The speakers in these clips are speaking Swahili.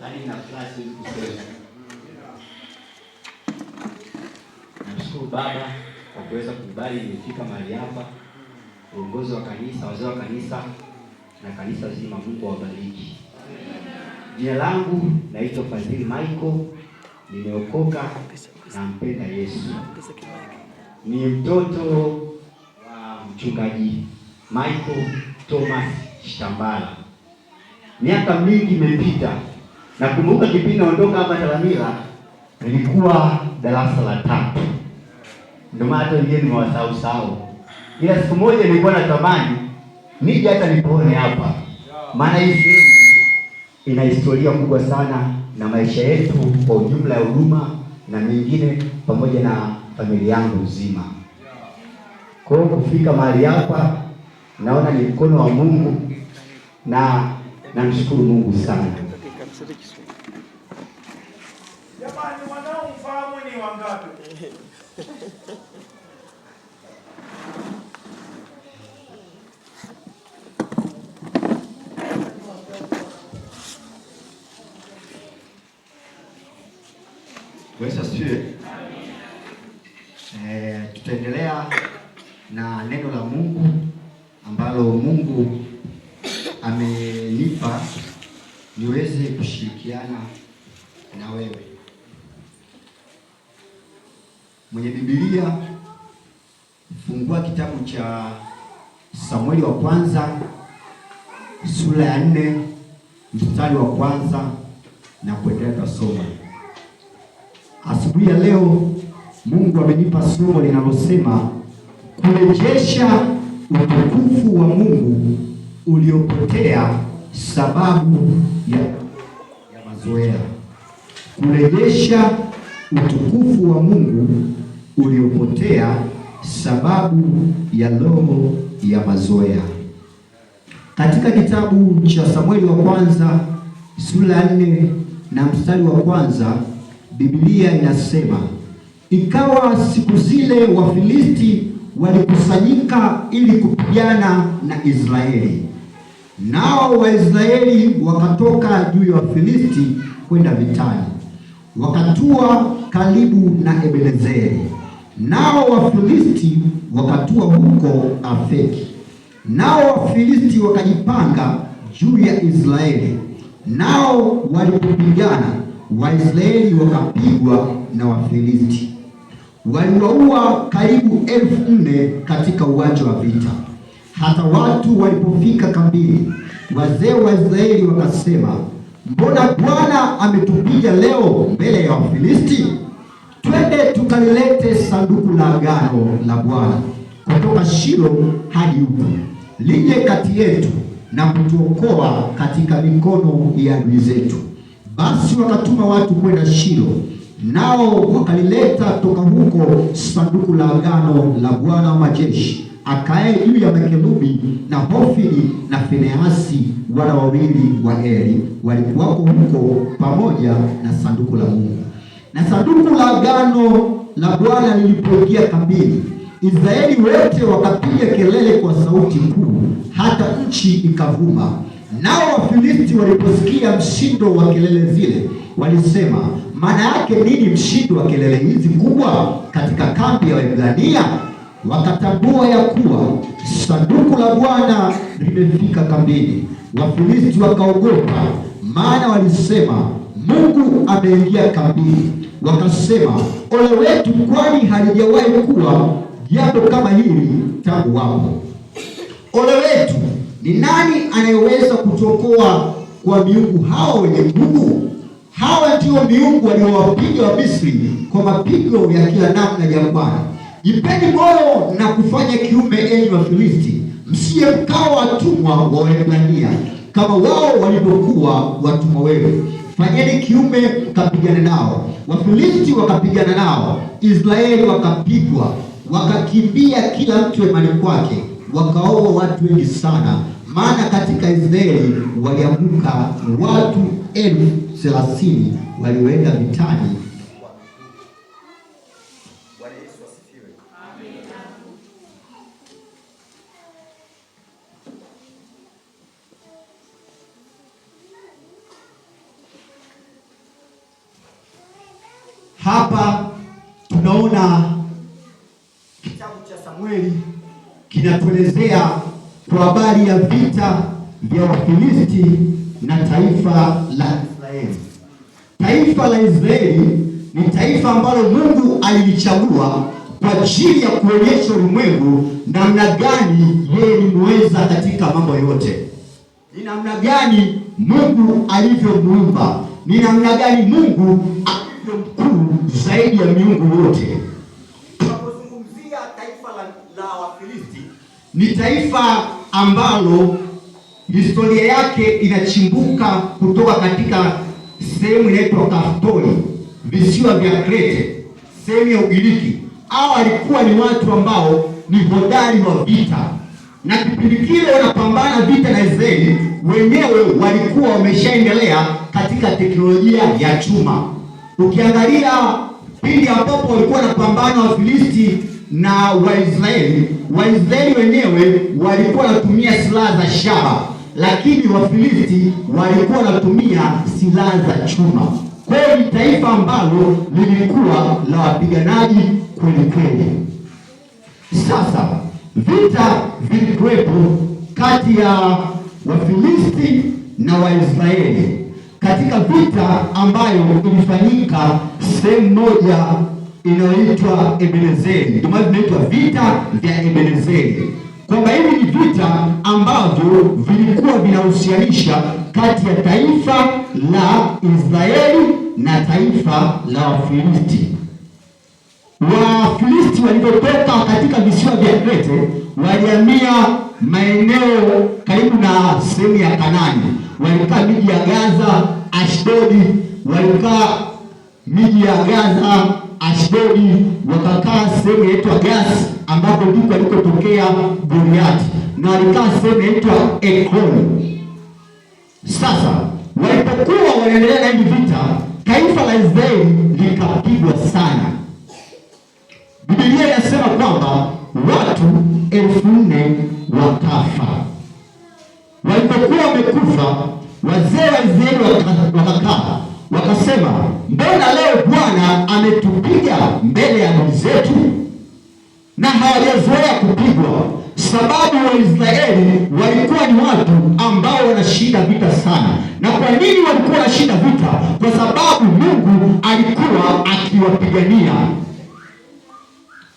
hadi na klasi kusema. Namshukuru Baba kwa kuweza kukubali imefika mahali hapa, uongozi wa kanisa, wazee wa kanisa na kanisa zima. Mungu wabariki Jina langu naitwa Fadhili Michael, nimeokoka na mpenda Yesu. Ni mtoto wa mchungaji Michael Thomas Shtambala. Miaka mingi imepita Nakumbuka kipindi naondoka hapa Talamila nilikuwa darasa la tatu, ndio maana hata wengine nimewasahau sahau, ila siku moja nilikuwa natamani nije hata nipone hapa, maana hii sehemu ina historia kubwa sana na maisha yetu kwa ujumla ya huduma na mingine, pamoja na familia yangu nzima. Kwa hiyo kufika mahali hapa naona ni mkono wa Mungu na namshukuru Mungu sana. Yesu asifiwe. E, tutaendelea na neno la Mungu ambalo Mungu amenipa niweze kushirikiana na wewe. Mwenye Biblia, fungua kitabu cha Samueli wa kwanza sura ya nne mstari wa kwanza na kuendelea kusoma. Asubuhi ya leo Mungu amenipa somo linalosema kurejesha utukufu wa Mungu uliopotea sababu ya, ya mazoea. Kurejesha utukufu wa Mungu uliopotea sababu ya roho ya mazoea. Katika kitabu cha Samueli wa kwanza sura ya nne na mstari wa kwanza Biblia inasema ikawa siku zile Wafilisti walikusanyika ili kupigana na Israeli, nao Waisraeli wakatoka juu ya Wafilisti kwenda vitani, wakatua karibu na Ebenezeri, nao Wafilisti wakatua huko Afeki, nao Wafilisti wakajipanga juu ya Israeli, nao walipopigana Waisraeli wakapigwa na Wafilisti, waliwaua karibu elfu nne katika uwanja wa vita. Hata watu walipofika kambini, wazee wa Israeli wakasema, mbona Bwana ametupiga leo mbele ya Wafilisti? Twende tukalilete sanduku la agano la Bwana kutoka Shilo hadi huko, lije kati yetu na kutuokoa katika mikono ya adui zetu. Basi wakatuma watu kwenda Shilo, nao wakalileta toka huko sanduku la agano la Bwana wa majeshi, akae juu ya makerubi na hofili na fineasi wana wawili wa Eli, walikuwako huko pamoja na sanduku la Mungu. Na sanduku la agano la Bwana lilipoingia kambini, Israeli wote wakapiga kelele kwa sauti kuu, hata nchi ikavuma. Nao Wafilisti waliposikia mshindo wa kelele zile, walisema, maana yake nini mshindo wa kelele hizi kubwa katika kambi ya Waebrania? Wakatambua ya kuwa sanduku la Bwana limefika kambini. Wafilisti wakaogopa, maana walisema, Mungu ameingia kambini. Wakasema, ole wetu, kwani halijawahi kuwa jambo kama hili tangu wapo. Ole wetu ni nani anayeweza kutokoa kwa miungu hawa wenye nguvu? Hawa ndio miungu waliowapiga Wamisri kwa mapigo ya kila namna jangwani. Jipeni moyo na kufanya kiume, enyi Wafilisti, msiye mkawa watumwa wa Waebrania kama wao walivyokuwa watumwa wenu. Fanyeni kiume mkapigana nao. Wafilisti wakapigana nao, Israeli wakapigwa, wakakimbia kila mtu imani kwake wakaoa watu wengi sana, maana katika Israeli waliamuka watu elfu thelathini walioenda vitani kinatuelezea kwa habari ya vita vya Wafilisti na taifa la Israeli. Taifa la Israeli ni taifa ambalo Mungu alilichagua kwa ajili ya kuonyesha ulimwengu namna gani yeye ni muweza katika mambo yote, ni namna gani Mungu alivyomuumba, ni namna gani Mungu alivyo mkuu zaidi ya miungu yote kulichukulia taifa la, la Wafilisti ni taifa ambalo historia yake inachimbuka kutoka katika sehemu inaitwa Kaftori, visiwa vya Krete, sehemu ya Ugiriki. Hao walikuwa ni watu ambao ni hodari wa vita, na kipindi kile wanapambana vita na Israeli, wenyewe walikuwa wameshaendelea katika teknolojia ya chuma. Ukiangalia pindi ambapo walikuwa wanapambana Wafilisti na Waisraeli. Waisraeli wenyewe walikuwa wanatumia silaha za shaba, lakini Wafilisti walikuwa wanatumia silaha za chuma. Kwa hiyo ni taifa ambalo lilikuwa la wapiganaji kweli kweli. Sasa vita vilikuwepo kati ya Wafilisti na Waisraeli katika vita ambayo ilifanyika sehemu moja inayoitwa Ebenezeri. Ndio maana vinaitwa vita vya Ebenezeri, kwamba hivi ni vita ambavyo vilikuwa vinahusianisha kati ya taifa la Israeli na taifa la Wafilisti. Wafilisti walivyotoka katika visiwa vya Krete walihamia maeneo karibu na sehemu ya Kanani, walikaa miji ya Gaza, Ashdodi, walikaa miji ya Gaza Ashdodi, wakakaa sehemu inaitwa gasi ambapo ndipo alikotokea Goliath, na walikaa sehemu inaitwa Ekron. Sasa walipokuwa wanaendelea na hivi vita, taifa la Israeli likapigwa sana. Biblia inasema kwamba watu elfu nne wakafa. Walipokuwa wamekufa, wazee wa Israeli wakakaa wakasema, mbona leo Bwana ametupiga mbele ya adui zetu? Na hawajazoea kupigwa, sababu Waisraeli walikuwa ni watu ambao wanashinda vita sana. Na kwa nini walikuwa wanashinda vita? Kwa sababu Mungu alikuwa akiwapigania.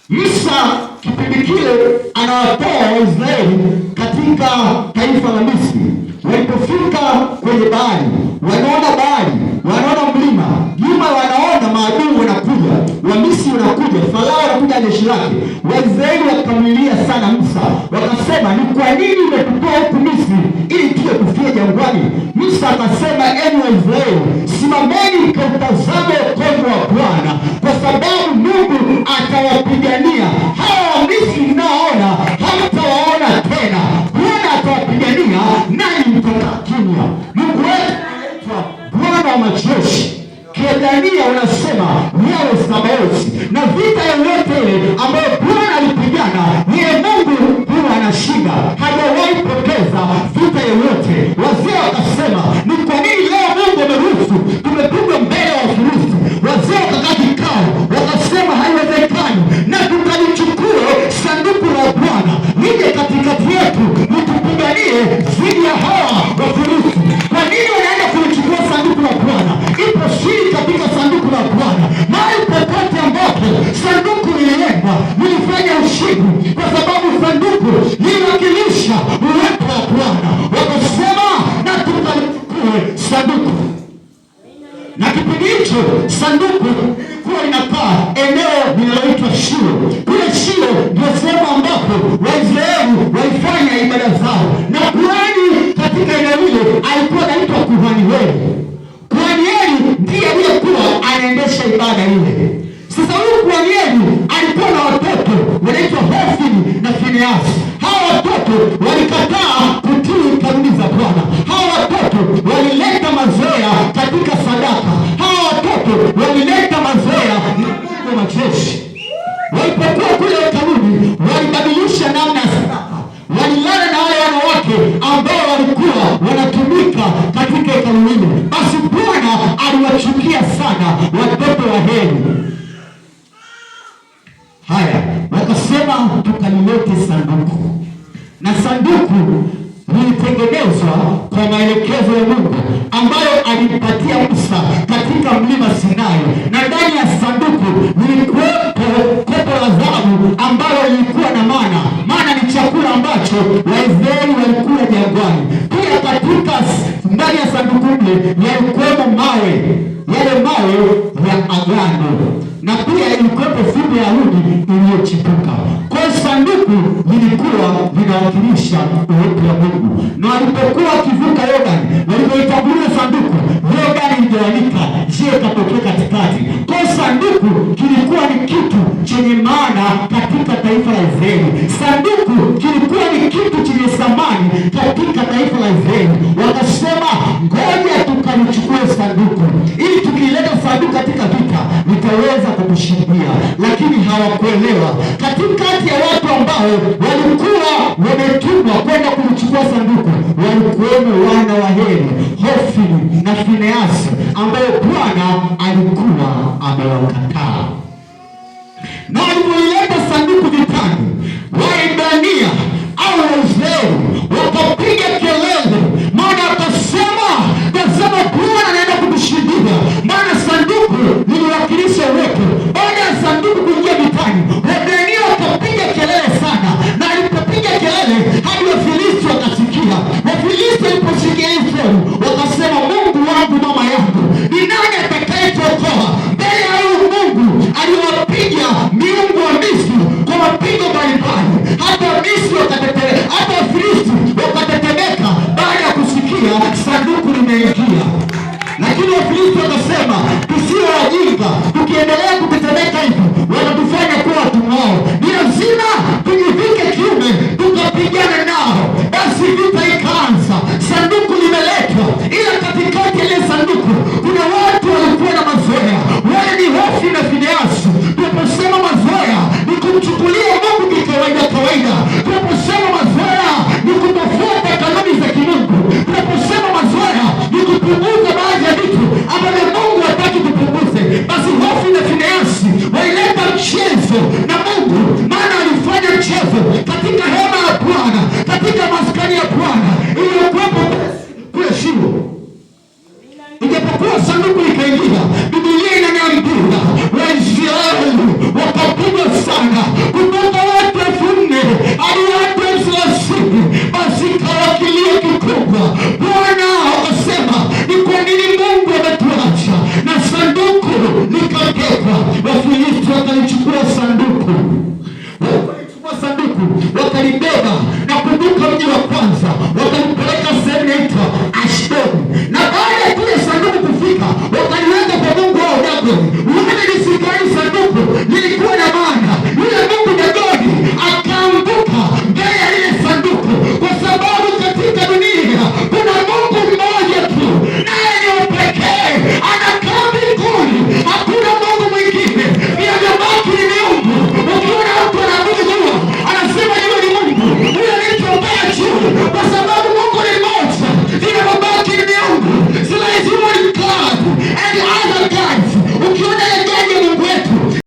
Musa kipindi kile anawatoa Waisraeli katika taifa la Misri. Walipofika kwenye bahari, wanaona bahari wanaona mlima, nyuma wanaona maadui wanakuja, Wamisri wanakuja, Farao anakuja jeshi lake. Waisraeli wakamlilia sana Musa, wakasema ni kwa nini umetutoa huku Misri ili hapa mlifanya ushindi, kwa sababu sanduku liwakilisha uwepo wa Bwana. Wakasema na tukalichukue sanduku, na kipindi hicho sanduku lilikuwa linakaa eneo linaloitwa Shilo. Kule Shilo ndio sehemu ambapo Waisraeli walifanya ibada zao, na kuhani katika eneo lile alikuwa anaitwa kuhani Eli. Kuhani Eli ndiye aliyekuwa anaendesha ibada ile. Yerusalemu. Basi Bwana aliwachukia sana watoto wa Heli. Haya, wakasema tukalilete sanduku, na sanduku lilitengenezwa kwa maelekezo ya Mungu ambayo alimpatia Musa katika mlima Sinai, na ndani ya sanduku lilikuwepo kopo la dhahabu ambalo lilikuwa na mana. Mana ni chakula ambacho Waisraeli ndani ya sanduku hili yalikuwemo mawe, yale mawe ya agano, na pia ilikuwepo fimbo ya rudi iliyochipuka. Kwa sanduku lilikuwa linawakilisha uwepo wa Mungu, na walipokuwa wakivuka Yordani, walipoitangulia sanduku, Yordani iligawanika. Je, Israeli. Sanduku kilikuwa ni kitu chenye thamani katika taifa la Israeli, wakasema ngoja tukalichukue sanduku ili tukileta sanduku katika vita litaweza kukushindia, lakini hawakuelewa. Katikati ya watu ambao walikuwa wametumwa kwenda kulichukua sanduku walikuwemo wana wa Heli, Hofni na Fineasi ambayo Bwana alikuwa amewakataa na siku vitatu Waibrania au Waisraeli wakapiga kelele, maana akasema, tazama, Bwana anaenda kutushindia, maana sanduku liliwakilisha uwepo. Baada ya sanduku kuingia vitani, Waibrania wakapiga kelele sana, na alipopiga kelele